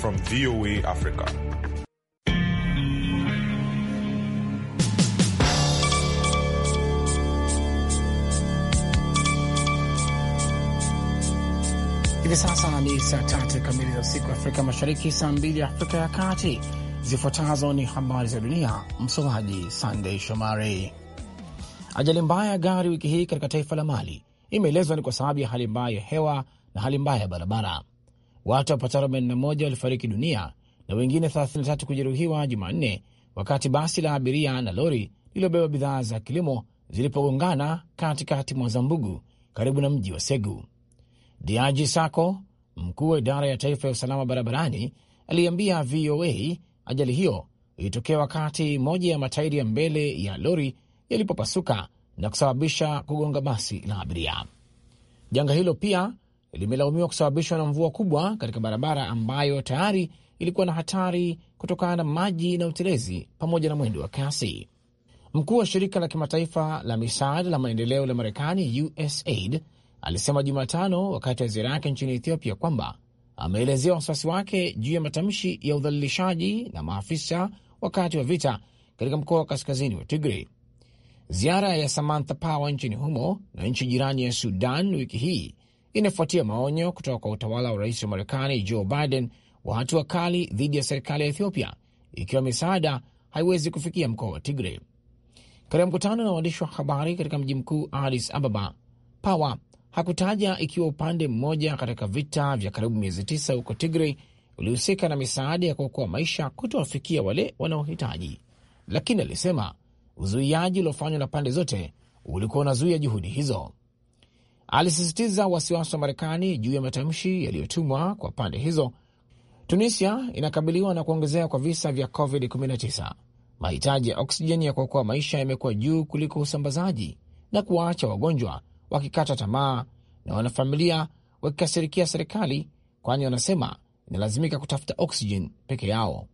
from VOA Africa. Hivi sasa ni saa tatu kamili za usiku Afrika Mashariki, saa mbili Afrika ya Kati. Zifuatazo ni habari za dunia, msomaji Sandey Shomari. Ajali mbaya ya gari wiki hii katika taifa la Mali imeelezwa ni kwa sababu ya hali mbaya ya hewa na hali mbaya ya barabara. Watu wapatao 41 walifariki dunia na wengine 33 kujeruhiwa Jumanne wakati basi la abiria na lori lililobeba bidhaa za kilimo zilipogongana katikati mwa Zambugu karibu na mji wa Segu. Diaji Sako, mkuu wa idara ya taifa ya usalama barabarani, aliambia VOA ajali hiyo ilitokea wakati moja ya matairi ya mbele ya lori yalipopasuka na kusababisha kugonga basi la abiria. Janga hilo pia limelaumiwa kusababishwa na mvua kubwa katika barabara ambayo tayari ilikuwa na hatari kutokana na maji na utelezi pamoja na mwendo wa kasi. Mkuu wa shirika la kimataifa la misaada la maendeleo la Marekani, USAID, alisema Jumatano wakati wa ziara yake nchini Ethiopia kwamba ameelezea wasiwasi wake juu ya matamshi ya udhalilishaji na maafisa wakati wa vita katika mkoa wa kaskazini wa tigri Ziara ya Samantha Power nchini humo na nchi jirani ya Sudan wiki hii inafuatia maonyo kutoka kwa utawala wa rais wa Marekani Joe Biden wa hatua kali dhidi ya serikali ya Ethiopia ikiwa misaada haiwezi kufikia mkoa wa Tigre. Katika mkutano na waandishi wa habari katika mji mkuu Addis Ababa, Pawa hakutaja ikiwa upande mmoja katika vita vya karibu miezi tisa huko Tigre ulihusika na misaada ya kuokoa maisha kutowafikia wale wanaohitaji, lakini alisema uzuiaji uliofanywa na pande zote ulikuwa unazuia juhudi hizo alisisitiza wasiwasi wa Marekani juu ya matamshi yaliyotumwa kwa pande hizo. Tunisia inakabiliwa na kuongezea kwa visa vya COVID-19. Mahitaji ya oksijeni ya kuokoa maisha yamekuwa juu kuliko usambazaji na kuwaacha wagonjwa wakikata tamaa na wanafamilia wakikasirikia serikali, kwani wanasema inalazimika kutafuta oksijeni peke yao.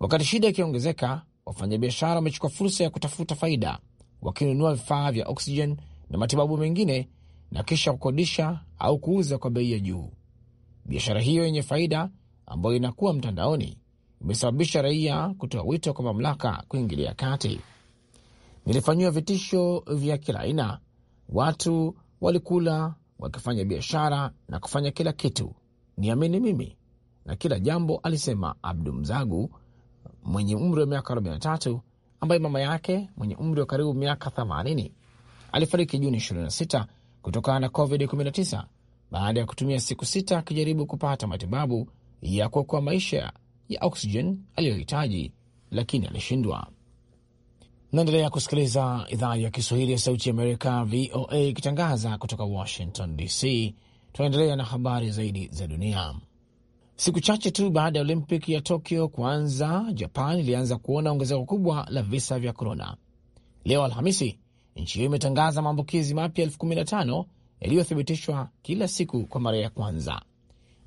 Wakati shida ikiongezeka, wafanyabiashara wamechukua fursa ya kutafuta faida, wakinunua vifaa vya oksijeni na matibabu mengine na kisha kukodisha au kuuza kwa bei ya juu. Biashara hiyo yenye faida ambayo inakuwa mtandaoni imesababisha raia kutoa wito kwa mamlaka kuingilia kati. Nilifanyiwa vitisho vya kila aina, watu walikula wakifanya biashara na kufanya kila kitu, niamini mimi na kila jambo, alisema Abdu Mzagu mwenye umri wa miaka 43 ambaye mama yake mwenye umri wa karibu miaka 80 alifariki Juni 26 kutokana na COVID-19 baada ya kutumia siku sita akijaribu kupata matibabu ya kuokoa maisha ya oksijen aliyohitaji, lakini alishindwa. Naendelea kusikiliza idhaa ya Kiswahili ya Sauti ya Amerika, VOA, ikitangaza kutoka Washington DC. Tunaendelea na habari zaidi za dunia. Siku chache tu baada ya olimpik ya Tokyo kuanza, Japan ilianza kuona ongezeko kubwa la visa vya korona. Leo Alhamisi, nchi hiyo imetangaza maambukizi mapya elfu kumi na tano yaliyothibitishwa kila siku kwa mara ya kwanza.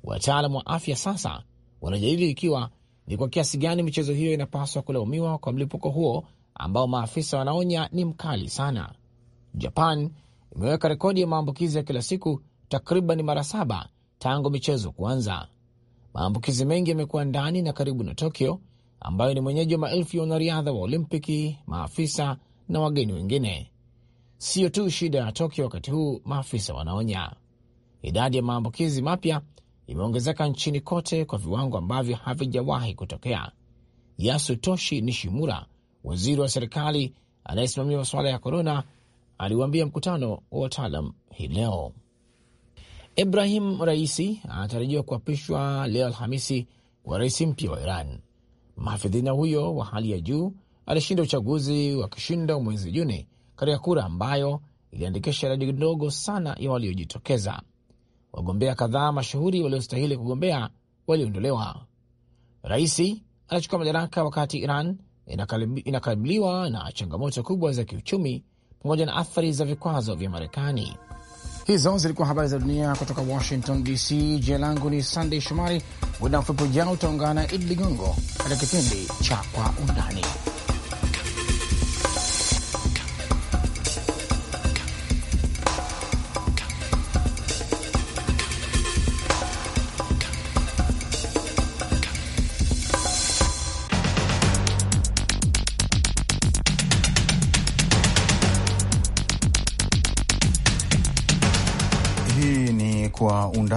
Wataalam wa afya sasa wanajadili ikiwa ni kwa kiasi gani michezo hiyo inapaswa kulaumiwa kwa mlipuko huo ambao maafisa wanaonya ni mkali sana. Japan imeweka rekodi ya maambukizi ya kila siku takriban mara saba tangu michezo kuanza. Maambukizi mengi yamekuwa ndani na karibu na Tokyo, ambayo ni mwenyeji wa maelfu ya wanariadha wa Olimpiki, maafisa na wageni wengine siyo tu shida ya Tokyo wakati huu, maafisa wanaonya. Idadi ya maambukizi mapya imeongezeka nchini kote kwa viwango ambavyo havijawahi kutokea. Yasutoshi Nishimura, waziri wa serikali anayesimamia masuala ya korona, aliwaambia mkutano wa wataalam hii leo. Ibrahim Raisi anatarajiwa kuapishwa leo Alhamisi kwa rais mpya wa Iran. Mhafidhina huyo wa hali ya juu alishinda uchaguzi wa kishindo mwezi Juni katika kura ambayo iliandikisha idadi ndogo sana ya waliojitokeza. Wagombea kadhaa mashuhuri waliostahili kugombea waliondolewa. Raisi anachukua madaraka wakati Iran inakabiliwa na changamoto kubwa za kiuchumi pamoja na athari za vikwazo vya Marekani. Hizo zilikuwa habari za dunia kutoka Washington DC. Jina langu ni Sandey Shomari. Muda mfupi ujao utaungana na Idi Ligongo katika kipindi cha Kwa Undani.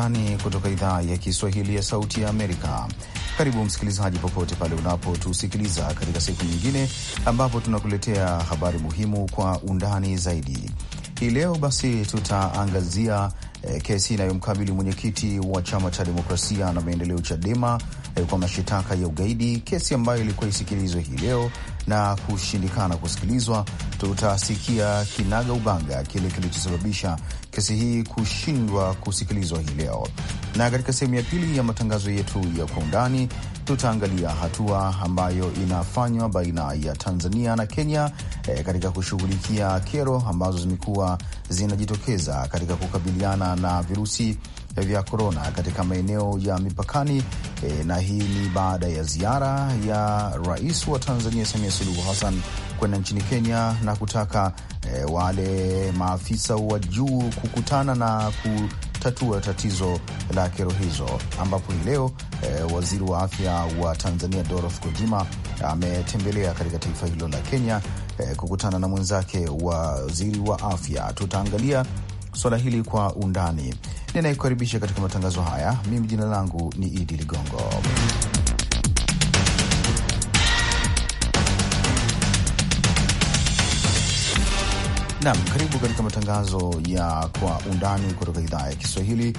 Undani kutoka idhaa ya Kiswahili ya Sauti ya Amerika. Karibu msikilizaji, popote pale unapotusikiliza katika siku nyingine ambapo tunakuletea habari muhimu kwa undani zaidi. Hii leo basi tutaangazia eh, kesi inayomkabili mwenyekiti wa chama cha demokrasia na maendeleo Chadema eh, kwa mashitaka ya ugaidi, kesi ambayo ilikuwa isikilizwe hii leo na kushindikana kusikilizwa, tutasikia kinaga ubaga kile kilichosababisha kesi hii kushindwa kusikilizwa hii leo. Na katika sehemu ya pili ya matangazo yetu ya kwa undani, tutaangalia hatua ambayo inafanywa baina ya Tanzania na Kenya e, katika kushughulikia kero ambazo zimekuwa zinajitokeza katika kukabiliana na virusi vya korona katika maeneo ya mipakani e, na hii ni baada ya ziara ya rais wa Tanzania Samia Suluhu Hassan kwenda nchini Kenya na kutaka e, wale maafisa wa juu kukutana na ku tatua tatizo la kero hizo, ambapo hii leo e, waziri wa afya wa Tanzania Dorothy kojima ametembelea katika taifa hilo la Kenya e, kukutana na mwenzake waziri wa afya. Tutaangalia suala hili kwa undani ninayekukaribisha katika matangazo haya. Mimi jina langu ni Idi Ligongo nam. Karibu katika matangazo ya Kwa Undani kutoka idhaa ya Kiswahili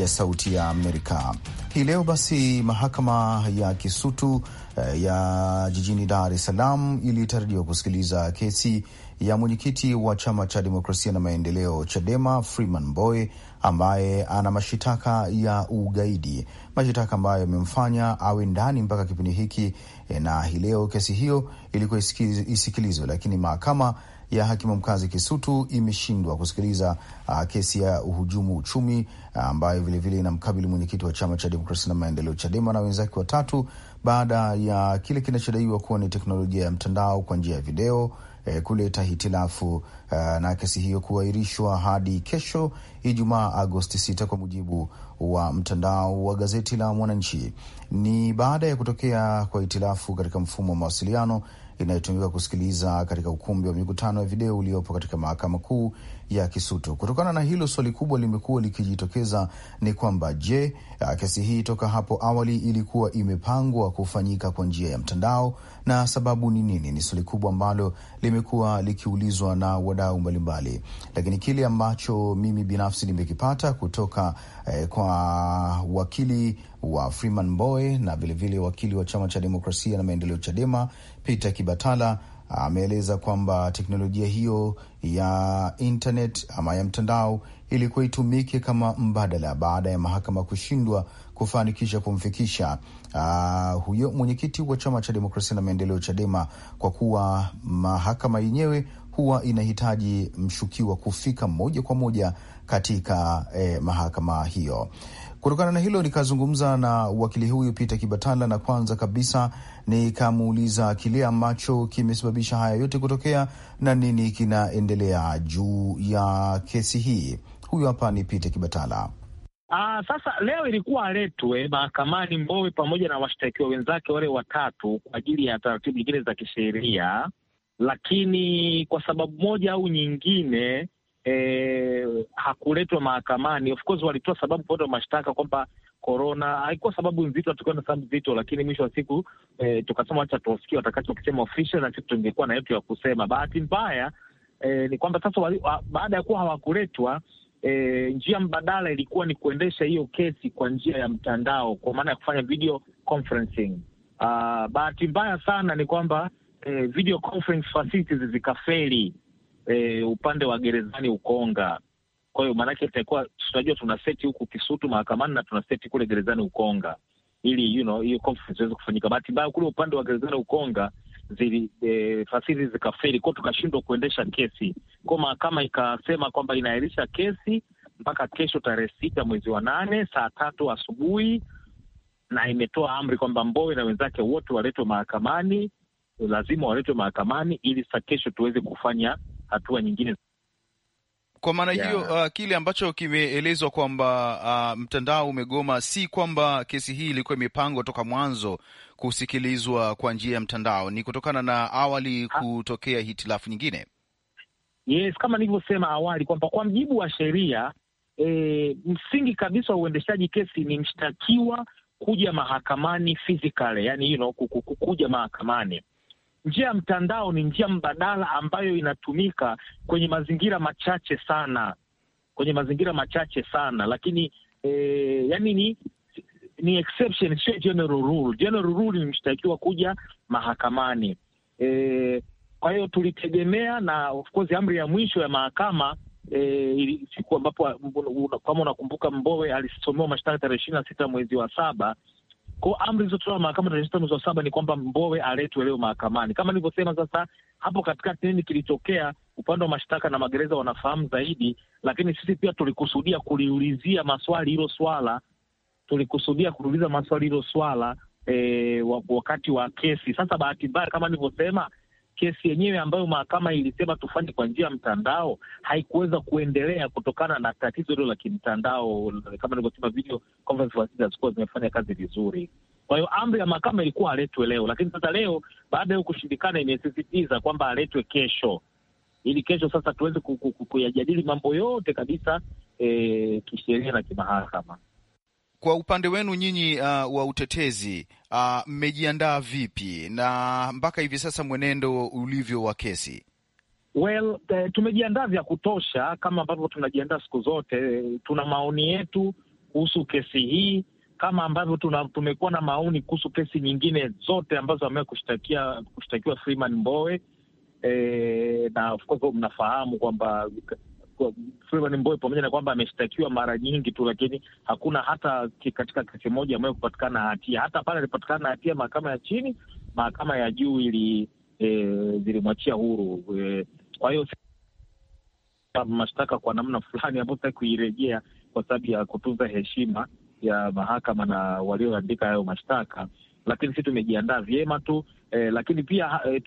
ya Sauti ya Amerika. Hii leo basi, mahakama ya Kisutu eh, ya jijini Dar es Salaam ilitarajiwa kusikiliza kesi ya mwenyekiti wa chama cha demokrasia na maendeleo Chadema Freeman Mbowe ambaye ana mashitaka ya ugaidi, mashitaka ambayo yamemfanya awe ndani mpaka kipindi hiki. Eh, na hii leo kesi hiyo ilikuwa isikilizwe, lakini mahakama ya hakimu mkazi Kisutu imeshindwa kusikiliza uh, kesi ya uhujumu uchumi ah, ambayo uh, vilevile inamkabili mwenyekiti wa chama cha demokrasia na maendeleo Chadema na wenzake watatu baada ya kile kinachodaiwa kuwa ni teknolojia ya mtandao kwa njia ya video eh, kuleta hitilafu eh, na kesi hiyo kuahirishwa hadi kesho Ijumaa Agosti 6 kwa mujibu wa mtandao wa gazeti la Mwananchi. Ni baada ya kutokea kwa hitilafu katika mfumo wa mawasiliano inayotumiwa kusikiliza katika ukumbi wa mikutano ya video uliopo katika mahakama kuu ya Kisutu. Kutokana na hilo, swali kubwa limekuwa likijitokeza ni kwamba je, ah, kesi hii toka hapo awali ilikuwa imepangwa kufanyika kwa njia ya mtandao na sababu ni nini? Ni swali kubwa ambalo limekuwa likiulizwa na wadau mbalimbali, lakini kile ambacho mimi binafsi nimekipata kutoka eh, kwa wakili wa Freeman Mbowe na vilevile wakili wa chama cha demokrasia na maendeleo Chadema Peter Kibatala ah, ameeleza kwamba teknolojia hiyo ya internet ama ya mtandao ilikuwa itumike kama mbadala baada ya mahakama kushindwa kufanikisha kumfikisha uh, huyo mwenyekiti wa chama cha demokrasia na maendeleo Chadema, kwa kuwa mahakama yenyewe huwa inahitaji mshukiwa kufika moja kwa moja katika eh, mahakama hiyo. Kutokana na hilo nikazungumza na wakili huyu Peter Kibatala, na kwanza kabisa nikamuuliza kile ambacho kimesababisha haya yote kutokea na nini kinaendelea juu ya kesi hii. Huyu hapa ni Peter Kibatala. Aa, ah, sasa leo ilikuwa aletwe mahakamani Mbowe pamoja na washtakiwa wenzake wale watatu kwa ajili ya taratibu nyingine za kisheria, lakini kwa sababu moja au nyingine eh, hakuletwa mahakamani. Of course walitoa sababu kuletwa mashtaka kwamba korona haikuwa sababu nzito, hatukuwa sababu nzito, lakini mwisho wa siku eh, tukasema wacha tuwasikia watakachokisema official, na sisi tungekuwa na yetu ya kusema. Bahati mbaya eh, ni kwamba sasa wali, baada ya kuwa hawakuletwa E, njia mbadala ilikuwa ni kuendesha hiyo kesi kwa njia ya mtandao kwa maana ya kufanya video conferencing. Uh, Bahati mbaya sana ni kwamba e, video conference facilities zikafeli e, upande wa gerezani Ukonga. Kwa hiyo maanake tutakuwa tunajua tuna seti huku Kisutu mahakamani na tuna seti kule gerezani Ukonga ili you know, hiyo conference iweze kufanyika. Bahati mbaya kule upande wa gerezani Ukonga zili e, fasili zikafeli kwao, tukashindwa kuendesha kesi kwao. Mahakama ikasema kwamba inaahirisha kesi mpaka kesho tarehe sita mwezi wa nane saa tatu asubuhi, na imetoa amri kwamba Mbowe na wenzake wote waletwe mahakamani, lazima waletwe mahakamani ili sa kesho tuweze kufanya hatua nyingine. Kwa maana hiyo yeah. Uh, kile ambacho kimeelezwa kwamba uh, mtandao umegoma, si kwamba kesi hii ilikuwa imepangwa toka mwanzo kusikilizwa kwa njia ya mtandao, ni kutokana na awali kutokea hitilafu nyingine. Yes, kama nilivyosema awali kwamba kwa mjibu wa sheria e, msingi kabisa wa uendeshaji kesi ni mshtakiwa kuja mahakamani physically, yani you know, kuja mahakamani njia ya mtandao ni njia mbadala ambayo inatumika kwenye mazingira machache sana, kwenye mazingira machache sana, lakini e, yani ni ni exception, sio general rule. General rule ni mshtakiwa kuja mahakamani e, kwa hiyo tulitegemea na of course amri ya mwisho ya mahakama e, siku ambapo kama unakumbuka Mbowe alisomewa mashtaka tarehe ishirini na sita mwezi wa saba kwa amri zilizotolewa mahakama tarehe sita mwezi wa saba ni kwamba Mbowe aletwe leo mahakamani. Kama nilivyosema, sasa hapo katikati nini kilitokea, upande wa mashtaka na magereza wanafahamu zaidi, lakini sisi pia tulikusudia kuliulizia maswali hilo swala, tulikusudia kuliuliza maswali hilo swala e, wakati wa kesi. Sasa bahati mbaya, kama nilivyosema kesi yenyewe ambayo mahakama ilisema tufanye kwa njia ya mtandao haikuweza kuendelea kutokana na tatizo hilo la kimtandao. Kama nilivyosema, video conference hazikuwa zimefanya kazi vizuri. Kwa hiyo amri ya mahakama ilikuwa aletwe leo, lakini sasa leo baada ya kushindikana, imesisitiza kwamba aletwe kesho, ili kesho sasa tuweze kuyajadili mambo yote kabisa, e, kisheria na kimahakama. Kwa upande wenu nyinyi uh, wa utetezi uh, mmejiandaa uh, vipi na mpaka hivi sasa mwenendo ulivyo wa kesi? Well, eh, tumejiandaa vya kutosha kama ambavyo tunajiandaa siku zote. Tuna maoni yetu kuhusu kesi hii kama ambavyo tumekuwa na maoni kuhusu kesi nyingine zote ambazo amewahi kushtakia kushtakiwa Freeman Mbowe. E, na of course mnafahamu kwamba Freeman Mbowe pamoja na kwamba ameshtakiwa mara nyingi tu, lakini hakuna hata katika kesi moja ambayo kupatikana hatia. Hata pale alipatikana na hatia mahakama ya chini, mahakama ya juu ili e, zilimwachia huru e, kwa hiyo mashtaka kwa namna fulani ambayo sitaki kuirejea kwa sababu ya kutunza heshima ya mahakama na walioandika hayo mashtaka, lakini si tumejiandaa vyema tu e, lakini pia eh,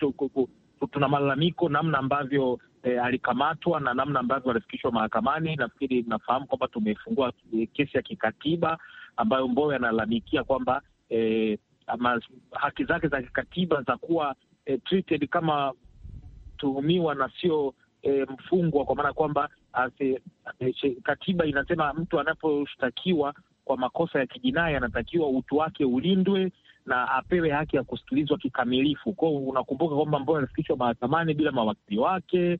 tuna malalamiko namna ambavyo e, alikamatwa na namna ambavyo alifikishwa mahakamani. Nafikiri mnafahamu kwamba tumefungua eh, kesi ya kikatiba ambayo Mbowe analalamikia kwamba e, ama haki zake za kikatiba za kuwa e, treated kama tuhumiwa na sio e, mfungwa, kwa maana kwamba e, katiba inasema mtu anaposhtakiwa kwa makosa ya kijinai anatakiwa utu wake ulindwe na apewe haki ya kusikilizwa kikamilifu. Kwao unakumbuka kwamba Mbowe alifikishwa mahakamani bila mawakili wake,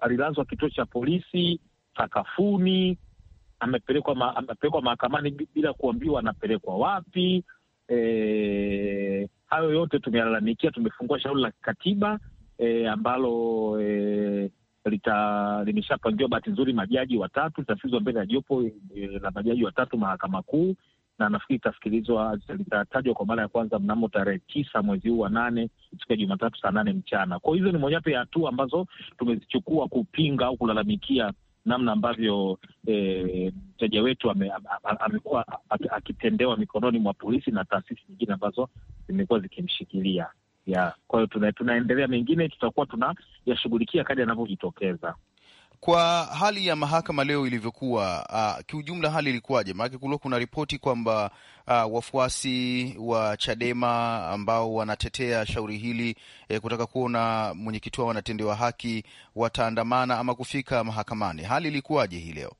alilazwa kituo cha polisi, sakafuni, amepelekwa ma, amepelekwa mahakamani bila kuambiwa anapelekwa wapi. E, hayo yote tumelalamikia tumefungua shauri la kikatiba e, ambalo e, limeshapangiwa bahati nzuri majaji watatu, litafizwa mbele ya jopo e, la majaji watatu mahakama kuu na nafikiri itasikilizwa, litatajwa kwa mara ya kwanza mnamo tarehe tisa mwezi huu wa nane, siku ya Jumatatu saa nane mchana. Kwa hizo ni mojawapo ya hatua ambazo tumezichukua kupinga au kulalamikia namna ambavyo eh, mteja e, wetu amekuwa akitendewa mikononi mwa polisi na taasisi nyingine ambazo zimekuwa zikimshikilia. Kwa hiyo tuna, tunaendelea mengine tutakuwa tunayashughulikia kadi yanavyojitokeza kwa hali ya mahakama leo ilivyokuwa, uh, kiujumla hali ilikuwaje? Maanake kulikuwa kuna ripoti kwamba uh, wafuasi wa Chadema ambao wanatetea shauri hili eh, kutaka kuona mwenyekiti wao wanatendewa haki wataandamana ama kufika mahakamani. Hali ilikuwaje hii leo?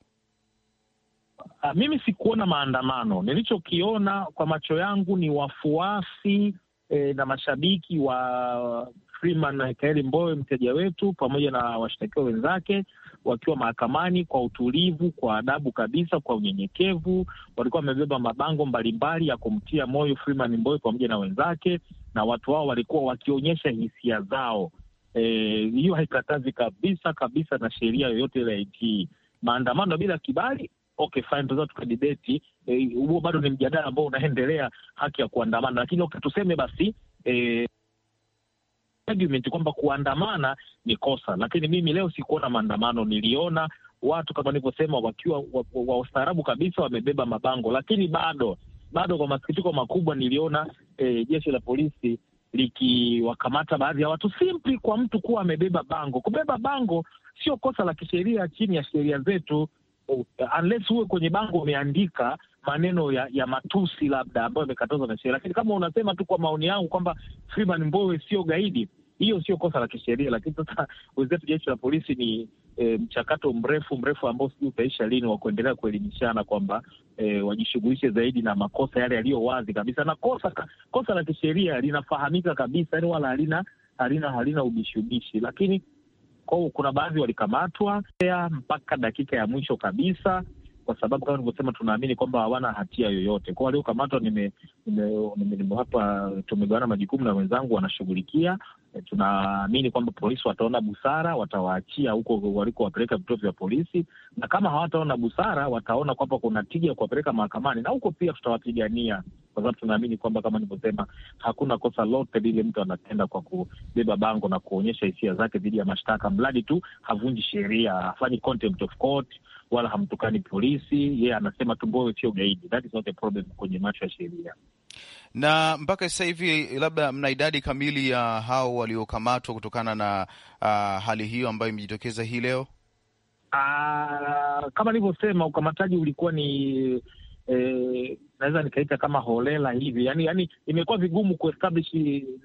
Uh, mimi sikuona maandamano. Nilichokiona kwa macho yangu ni wafuasi eh, na mashabiki wa Freeman Aikaeli Mbowe, mteja wetu, pamoja na washtakiwa wenzake wakiwa mahakamani kwa utulivu, kwa adabu kabisa, kwa unyenyekevu. Walikuwa wamebeba mabango mbalimbali ya kumtia moyo Freeman Mbowe pamoja na wenzake, na watu hao walikuwa wakionyesha hisia zao. E, hiyo e, haikatazi kabisa kabisa na sheria yoyote ile ya nchi hii. Maandamano bila kibali Okay, fine, tunaweza tukadibeti e, huo. E, bado ni mjadala ambao unaendelea, haki ya kuandamana, lakini okay, tuseme basi e, argument kwamba kuandamana ni kosa, lakini mimi leo sikuona maandamano. Niliona watu kama nilivyosema, wakiwa waustaarabu wa, wa kabisa, wamebeba mabango, lakini bado bado kwa masikitiko makubwa niliona eh, jeshi la polisi likiwakamata baadhi ya watu simpli kwa mtu kuwa amebeba bango. Kubeba bango sio kosa la kisheria chini ya sheria zetu, unless huwe kwenye bango umeandika maneno ya, ya matusi labda ambayo yamekatazwa na sheria, lakini kama unasema tu, kwa maoni yangu, kwamba Freeman Mbowe sio gaidi, hiyo sio kosa la kisheria, lakini sasa wenzetu jeshi la polisi ni e, mchakato mrefu mrefu ambao sijui utaisha lini, wa kuendelea kuelimishana kwamba e, wajishughulishe zaidi na makosa yale yaliyo wazi kabisa, na kosa kosa la kisheria linafahamika kabisa, yani wala halina halina halina ubishi, lakini kwa kuna baadhi walikamatwa mpaka dakika ya mwisho kabisa kwa sababu kama nilivyosema, tunaamini kwamba hawana hatia yoyote. Kwa waliokamatwa, nimewapa, tumegawana majukumu na wenzangu, wanashughulikia. Tunaamini kwamba polisi wataona busara, watawaachia huko walikowapeleka vituo vya polisi, na kama hawataona busara, wataona kwamba kuna tija kuwapeleka mahakamani, na huko pia tutawapigania, kwa sababu tunaamini kwamba kama nilivyosema, hakuna kosa lote lile mtu anatenda kwa kubeba bango na kuonyesha hisia zake dhidi ya mashtaka, mradi tu havunji sheria, hafanyi contempt of court wala hamtukani polisi. Yeye yeah, anasema Tumbowe sio gaidi, that is not problem kwenye macho ya sheria. Na mpaka sasa hivi, labda mna idadi kamili ya hao waliokamatwa kutokana na uh, hali hiyo ambayo imejitokeza hii leo? Uh, kama nilivyosema ukamataji ulikuwa ni eh, naweza nikaita kama holela hivi, yani, yani imekuwa vigumu kuestablish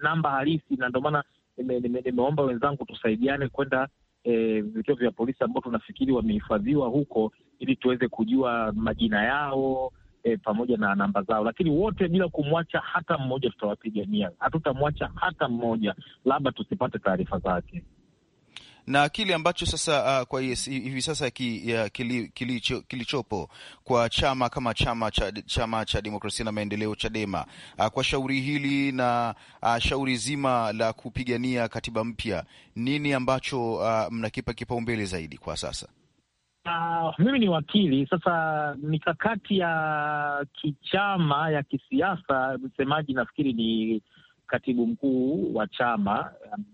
namba halisi, na ndio maana nimeomba wenzangu tusaidiane kwenda e, vituo vya polisi ambao tunafikiri wamehifadhiwa huko ili tuweze kujua majina yao e, pamoja na namba zao, lakini wote bila kumwacha hata mmoja, tutawapigania. Hatutamwacha hata mmoja, labda tusipate taarifa zake na kile ambacho sasa uh, kwa hivi sasa ki, uh, kili, kilicho, kilichopo kwa chama kama chama cha, chama cha demokrasia na maendeleo Chadema uh, kwa shauri hili na uh, shauri zima la kupigania katiba mpya, nini ambacho uh, mnakipa kipaumbele zaidi kwa sasa? Uh, mimi ni wakili sasa. Mikakati ya kichama ya kisiasa msemaji nafikiri ni katibu mkuu wa chama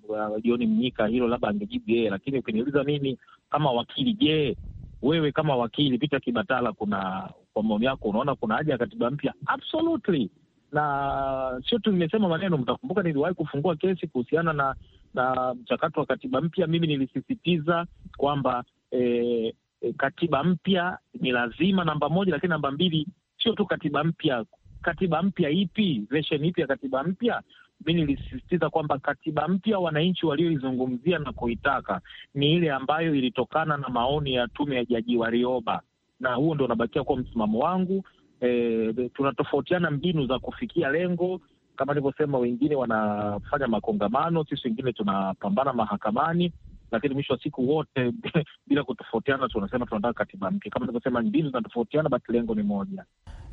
uh, John Mnyika, hilo labda angejibu yeye, lakini ukiniuliza mimi kama wakili, je, wewe kama wakili Peter Kibatala, kuna kwa maoni yako unaona kuna haja ya katiba mpya? Absolutely, na sio tu nimesema maneno. Mtakumbuka niliwahi kufungua kesi kuhusiana na na mchakato wa katiba mpya. Mimi nilisisitiza kwamba e, katiba mpya ni lazima namba moja, lakini namba mbili sio tu katiba mpya katiba mpya ipi, vesheni ipi ya katiba mpya? Mi nilisisitiza kwamba katiba mpya wananchi walioizungumzia na kuitaka ni ile ambayo ilitokana na maoni ya tume ya Jaji Warioba, na huo ndo unabakia kuwa msimamo wangu. E, tunatofautiana mbinu za kufikia lengo kama nilivyosema, wengine wanafanya makongamano, sisi wengine tunapambana mahakamani lakini mwisho wa siku wote bila kutofautiana, tunasema tunataka katiba mpya. Kama tulivyosema, mbinu zinatofautiana, basi lengo ni moja.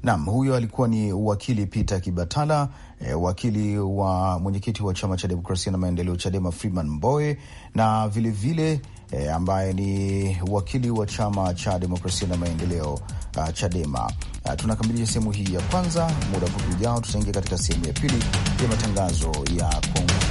Naam, huyo alikuwa ni wakili Peter Kibatala, e, wakili wa mwenyekiti wa chama cha demokrasia na maendeleo CHADEMA Freeman Mbowe, na vilevile vile, e, ambaye ni wakili wa chama cha demokrasia na maendeleo uh, CHADEMA. Uh, tunakamilisha sehemu hii ya kwanza. Muda mfupi ujao, tutaingia katika sehemu ya pili ya matangazo ya Kongo.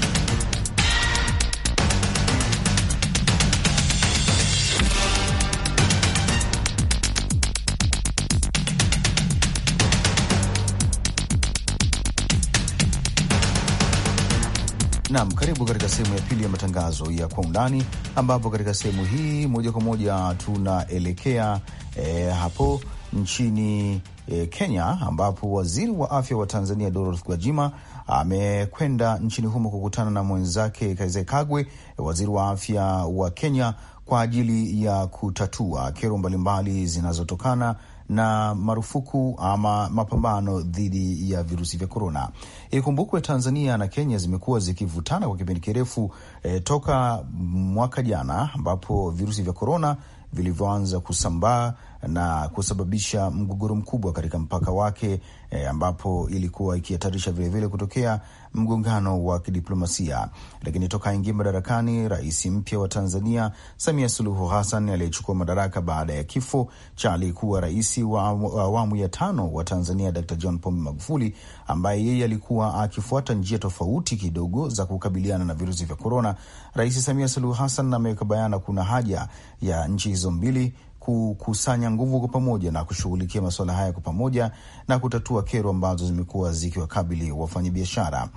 Naam, karibu katika sehemu ya pili ya matangazo ya kwa undani, ambapo katika sehemu hii moja kwa moja tunaelekea e, hapo nchini e, Kenya ambapo waziri wa afya wa Tanzania Dorothy Gwajima amekwenda nchini humo kukutana na mwenzake Kaize Kagwe, waziri wa afya wa Kenya, kwa ajili ya kutatua kero mbalimbali zinazotokana na marufuku ama mapambano dhidi ya virusi vya korona. Ikumbukwe Tanzania na Kenya zimekuwa zikivutana kwa kipindi kirefu e, toka mwaka jana ambapo virusi vya korona vilivyoanza kusambaa na kusababisha mgogoro mkubwa katika mpaka wake e, ambapo ilikuwa ikihatarisha vilevile kutokea mgongano wa kidiplomasia. Lakini toka aingia madarakani, rais mpya wa Tanzania Samia Suluhu Hassan aliyechukua madaraka baada ya kifo cha aliyekuwa rais wa awamu ya tano wa Tanzania Dr. John Pombe Magufuli, ambaye yeye alikuwa akifuata njia tofauti kidogo za kukabiliana na virusi vya korona. Rais Samia Suluhu Hassan ameweka bayana kuna haja ya nchi hizo mbili kukusanya nguvu kwa pamoja na kushughulikia masuala haya kwa pamoja na kutatua kero ambazo zimekuwa zikiwakabili wafanyabiashara.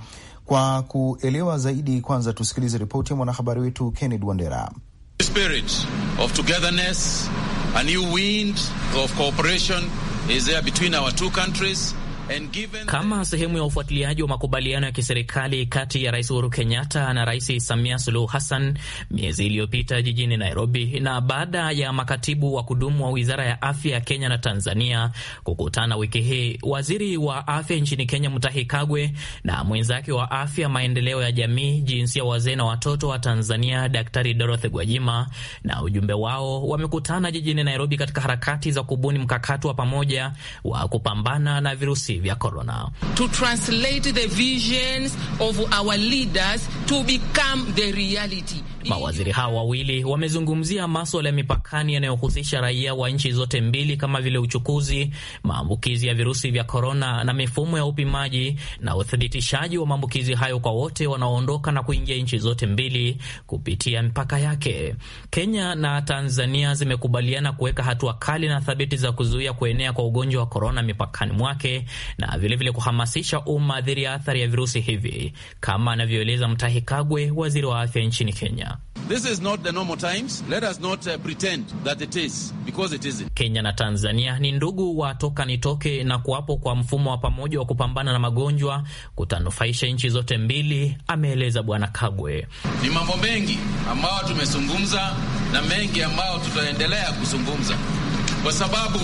Kwa kuelewa zaidi, kwanza tusikilize ripoti ya mwanahabari wetu kenned Wandera. A new wind of cooperation is there between our two countries. Kama sehemu ya ufuatiliaji wa makubaliano ya kiserikali kati ya Rais Uhuru Kenyatta na Rais Samia Suluhu Hassan miezi iliyopita jijini Nairobi, na baada ya makatibu wa kudumu wa wizara ya afya ya Kenya na Tanzania kukutana wiki hii, waziri wa afya nchini Kenya Mutahi Kagwe na mwenzake wa afya, maendeleo ya jamii, jinsia, wazee na watoto wa Tanzania Daktari Dorothy Gwajima na ujumbe wao wamekutana jijini Nairobi katika harakati za kubuni mkakati wa pamoja wa kupambana na virusi vya To translate the visions of our leaders to become the reality. Mawaziri hao wawili wamezungumzia maswala ya mipakani yanayohusisha raia wa nchi zote mbili kama vile uchukuzi, maambukizi ya virusi vya korona na mifumo ya upimaji na uthibitishaji wa maambukizi hayo kwa wote wanaoondoka na kuingia nchi zote mbili kupitia mipaka yake. Kenya na Tanzania zimekubaliana kuweka hatua kali na thabiti za kuzuia kuenea kwa ugonjwa wa korona mipakani mwake na vilevile vile kuhamasisha umma dhidi ya athari ya virusi hivi, kama anavyoeleza mtahikagwe Kagwe, waziri wa afya nchini Kenya. This is not the normal times. Let us not uh, pretend that it is because it isn't. Kenya na Tanzania ni ndugu wa toka nitoke na kuwapo kwa mfumo wa pamoja wa kupambana na magonjwa kutanufaisha nchi zote mbili, ameeleza Bwana Kagwe. Ni mambo mengi ambayo tumezungumza na mengi ambayo tutaendelea kuzungumza kwa sababu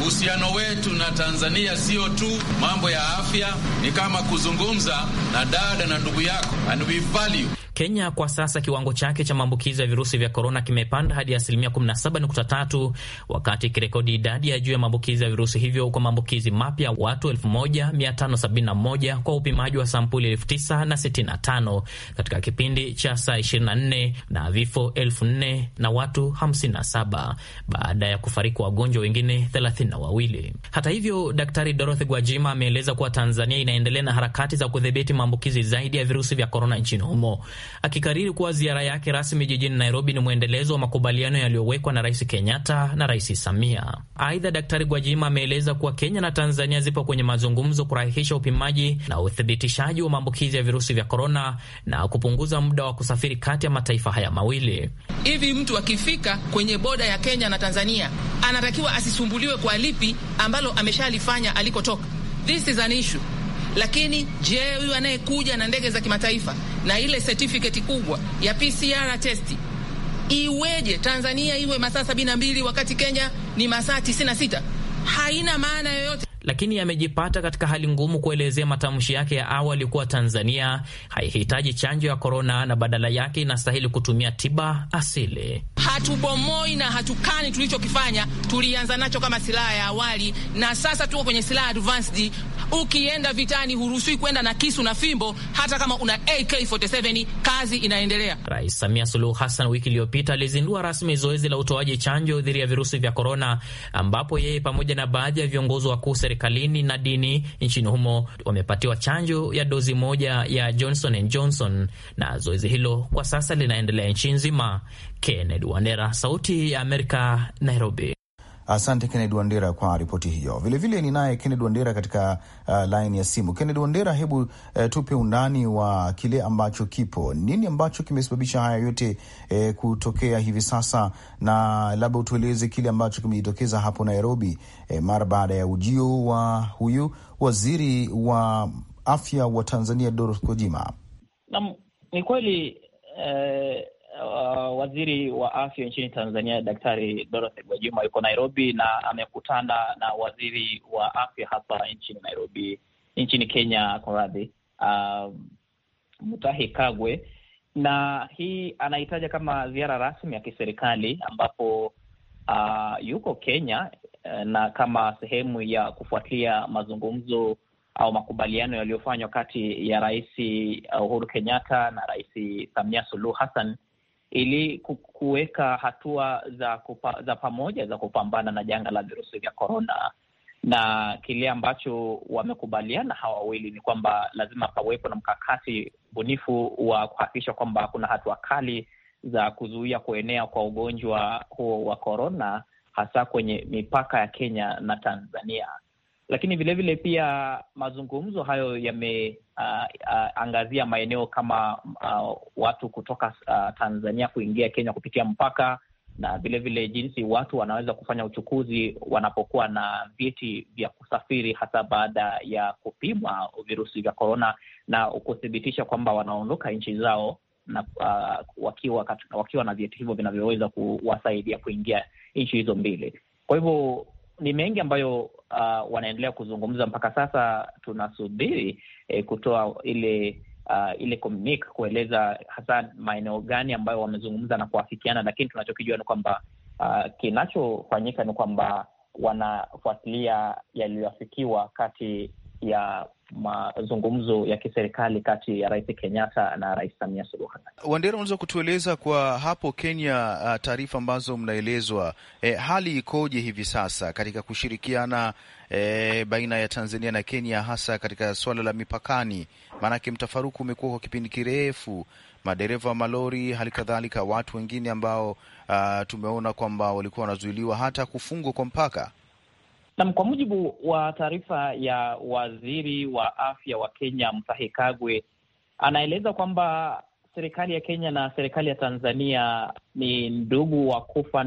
uhusiano wetu na Tanzania sio tu mambo ya afya, ni kama kuzungumza na dada na ndugu yako, and we value Kenya kwa sasa kiwango chake cha maambukizi ya virusi vya korona kimepanda hadi asilimia 17.3 wakati ikirekodi idadi ya juu ya maambukizi ya virusi hivyo kwa maambukizi mapya watu 1571 kwa upimaji wa sampuli 965 katika kipindi cha saa 24 na vifo 4 na watu 57 baada ya kufariki wagonjwa wengine 32. Hata hivyo, Daktari Dorothy Gwajima ameeleza kuwa Tanzania inaendelea na harakati za kudhibiti maambukizi zaidi ya virusi vya korona nchini humo akikariri kuwa ziara yake rasmi jijini Nairobi ni mwendelezo wa makubaliano yaliyowekwa na Rais Kenyatta na Rais Samia. Aidha, Daktari Gwajima ameeleza kuwa Kenya na Tanzania zipo kwenye mazungumzo kurahisisha upimaji na uthibitishaji wa maambukizi ya virusi vya korona na kupunguza muda wa kusafiri kati ya mataifa haya mawili. Hivi mtu akifika kwenye boda ya Kenya na Tanzania anatakiwa asisumbuliwe kwa lipi ambalo ameshalifanya alikotoka. This is an issue. Lakini je, huyu anayekuja na ndege za kimataifa na ile certificate kubwa ya PCR test iweje Tanzania iwe masaa 72 wakati Kenya ni masaa 96? Haina maana yoyote lakini amejipata katika hali ngumu kuelezea matamshi yake ya awali kuwa Tanzania haihitaji chanjo ya korona na badala yake inastahili kutumia tiba asili. Hatubomoi na hatukani, tulichokifanya tulianza nacho kama silaha ya awali, na sasa tuko kwenye silaha advanced. Ukienda vitani, huruhusiwi kwenda na kisu na fimbo, hata kama una AK47. Kazi inaendelea. Rais Samia Suluhu Hassan wiki iliyopita alizindua rasmi zoezi la utoaji chanjo dhidi ya virusi vya korona, ambapo yeye pamoja na baadhi ya viongozi wakuu serikalini na dini nchini humo wamepatiwa chanjo ya dozi moja ya Johnson and Johnson, na zoezi hilo kwa sasa linaendelea nchi nzima. Kennedy Wandera, Sauti ya Amerika, Nairobi. Asante Kennedy Wandera kwa ripoti hiyo. Vilevile ni naye Kennedy Wandera katika uh, laini ya simu. Kennedy Wandera, hebu uh, tupe undani wa kile ambacho kipo, nini ambacho kimesababisha haya yote uh, kutokea hivi sasa, na labda utueleze kile ambacho kimejitokeza hapo Nairobi uh, mara baada ya ujio wa huyu waziri wa afya wa Tanzania Dorothy Gwajima. Naam, ni kweli uh, uh, waziri wa afya nchini Tanzania Daktari Dorothy Gwajima yuko Nairobi na amekutana na waziri wa afya hapa nchini Nairobi, nchini Kenya, radhi, uh, Mutahi Kagwe, na hii anahitaja kama ziara rasmi ya kiserikali ambapo uh, yuko Kenya eh, na kama sehemu ya kufuatilia mazungumzo au makubaliano yaliyofanywa kati ya Rais uh, Uhuru Kenyatta na Rais Samia Suluhu Hassan ili kuweka hatua za kupa, za pamoja za kupambana na janga la virusi vya korona, na kile ambacho wamekubaliana hawa wawili ni kwamba lazima pawepo na mkakati bunifu wa kuhakikisha kwamba kuna hatua kali za kuzuia kuenea kwa ugonjwa huo wa korona, hasa kwenye mipaka ya Kenya na Tanzania lakini vilevile vile pia mazungumzo hayo yameangazia ah, ah, uh, uh, maeneo kama uh, watu kutoka uh, Tanzania kuingia Kenya kupitia mpaka na vilevile vile jinsi watu wanaweza kufanya uchukuzi wanapokuwa na vyeti vya kusafiri, hasa baada ya kupimwa virusi vya korona na kuthibitisha kwamba wanaondoka nchi zao na uh, wakiwa, kat, wakiwa na vyeti hivyo vinavyoweza kuwasaidia kuingia nchi hizo mbili. Kwa hivyo ni mengi ambayo uh, wanaendelea kuzungumza mpaka sasa. Tunasubiri eh, kutoa ile uh, ile communique kueleza hasa maeneo gani ambayo wamezungumza na kuafikiana, lakini tunachokijua ni kwamba uh, kinachofanyika ni kwamba wanafuatilia yaliyoafikiwa kati ya mazungumzo ya kiserikali kati ya Rais Kenyatta na Rais Samia Suluhu Hassan. Wandera, unaweza kutueleza kwa hapo Kenya, uh, taarifa ambazo mnaelezwa, e, hali ikoje hivi sasa katika kushirikiana e, baina ya Tanzania na Kenya, hasa katika suala la mipakani? Maanake mtafaruku umekuwa kwa kipindi kirefu, madereva wa malori, hali kadhalika watu wengine ambao uh, tumeona kwamba walikuwa wanazuiliwa hata kufungwa kwa mpaka. Nam, kwa mujibu wa taarifa ya waziri wa afya wa Kenya Mutahi Kagwe, anaeleza kwamba serikali ya Kenya na serikali ya Tanzania ni ndugu wa kufa,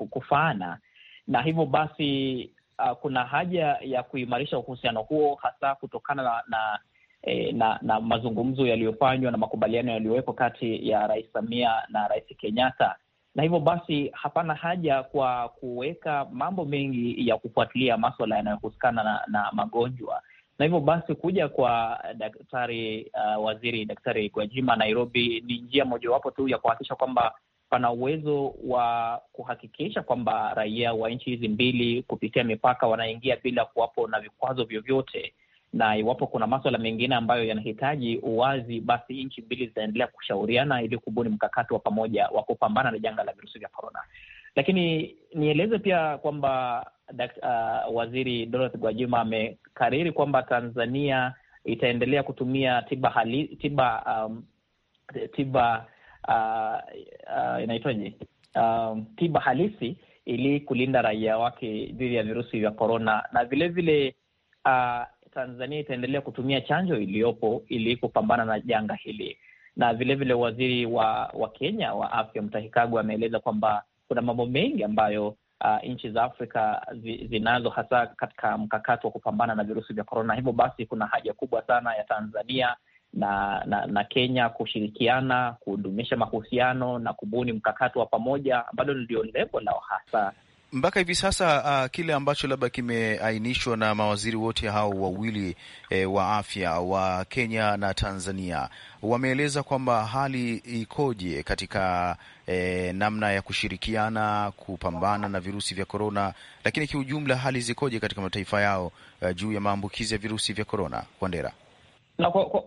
uh, kufaana na hivyo basi uh, kuna haja ya kuimarisha uhusiano huo hasa kutokana na na, eh, na, na mazungumzo yaliyofanywa na makubaliano yaliyowekwa kati ya Rais Samia na Rais Kenyatta na hivyo basi hapana haja kwa kuweka mambo mengi ya kufuatilia maswala yanayohusikana na, na magonjwa na hivyo basi kuja kwa daktari uh, waziri Daktari Gwajima Nairobi ni njia mojawapo tu ya kuhakikisha kwamba pana uwezo wa kuhakikisha kwamba raia wa nchi hizi mbili kupitia mipaka wanaingia bila kuwapo na vikwazo vyovyote, na iwapo kuna maswala mengine ambayo yanahitaji uwazi, basi nchi mbili zitaendelea kushauriana ili kubuni mkakati wa pamoja wa kupambana na janga la virusi vya korona. Lakini nieleze pia kwamba uh, waziri Dorothy Gwajima amekariri kwamba Tanzania itaendelea kutumia tiba hali, tiba um, tiba uh, uh, inaitwaje um, tiba halisi ili kulinda raia wake dhidi ya virusi vya korona na vilevile vile, uh, Tanzania itaendelea kutumia chanjo iliyopo ili kupambana na janga hili. Na vilevile vile waziri wa wa Kenya wa afya Mutahi Kagwe ameeleza kwamba kuna mambo mengi ambayo uh, nchi za Afrika zi, zinazo hasa katika mkakati wa kupambana na virusi vya korona. Hivyo basi kuna haja kubwa sana ya Tanzania na na, na Kenya kushirikiana kudumisha mahusiano na kubuni mkakati wa pamoja ambalo ndio lengo lao hasa mpaka hivi sasa uh, kile ambacho labda kimeainishwa na mawaziri wote hao wawili eh, wa afya wa Kenya na Tanzania wameeleza kwamba hali ikoje katika eh, namna ya kushirikiana kupambana na virusi vya korona, lakini kiujumla hali zikoje katika mataifa yao uh, juu ya maambukizi ya virusi vya korona Wandera na kwa, kwa,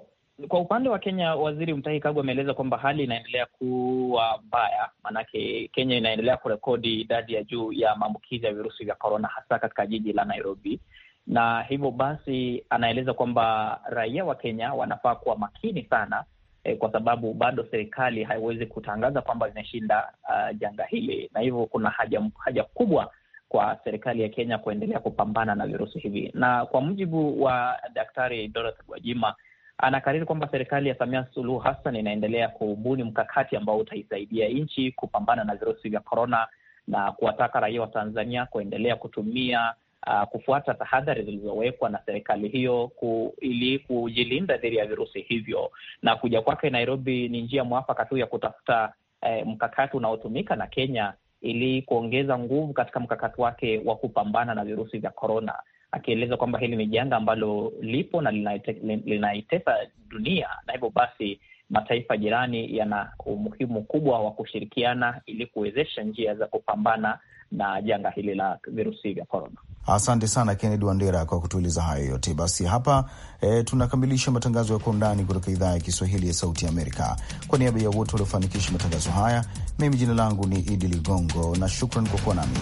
kwa upande wa Kenya, waziri mtahi Kagwe ameeleza kwamba hali inaendelea kuwa mbaya, maanake Kenya inaendelea kurekodi idadi ya juu ya maambukizi ya virusi vya korona, hasa katika jiji la Nairobi, na hivyo basi anaeleza kwamba raia wa Kenya wanafaa kuwa makini sana eh, kwa sababu bado serikali haiwezi kutangaza kwamba imeshinda uh, ah, janga hili, na hivyo kuna haja, haja kubwa kwa serikali ya Kenya kuendelea kupambana na virusi hivi, na kwa mujibu wa Daktari Dorothy Gwajima Anakariri kwamba serikali ya Samia Suluhu Hassan inaendelea kubuni mkakati ambao utaisaidia nchi kupambana na virusi vya korona na kuwataka raia wa Tanzania kuendelea kutumia uh, kufuata tahadhari zilizowekwa na serikali hiyo ku, ili kujilinda dhidi ya virusi hivyo. Na kuja kwake Nairobi ni njia mwafaka tu ya kutafuta eh, mkakati unaotumika na Kenya ili kuongeza nguvu katika mkakati wake wa kupambana na virusi vya korona akieleza kwamba hili ni janga ambalo lipo na linaitesa dunia na hivyo basi mataifa jirani yana umuhimu mkubwa wa kushirikiana ili kuwezesha njia za kupambana na janga hili la virusi vya korona. Asante sana Kennedy Wandera kwa kutueleza hayo yote. Basi hapa e, tunakamilisha matangazo ya Kwa Undani kutoka idhaa ya Kiswahili ya Sauti Amerika. Kwa niaba ya wote waliofanikisha matangazo haya, mimi jina langu ni Idi Ligongo na shukran kwa kuwa nami.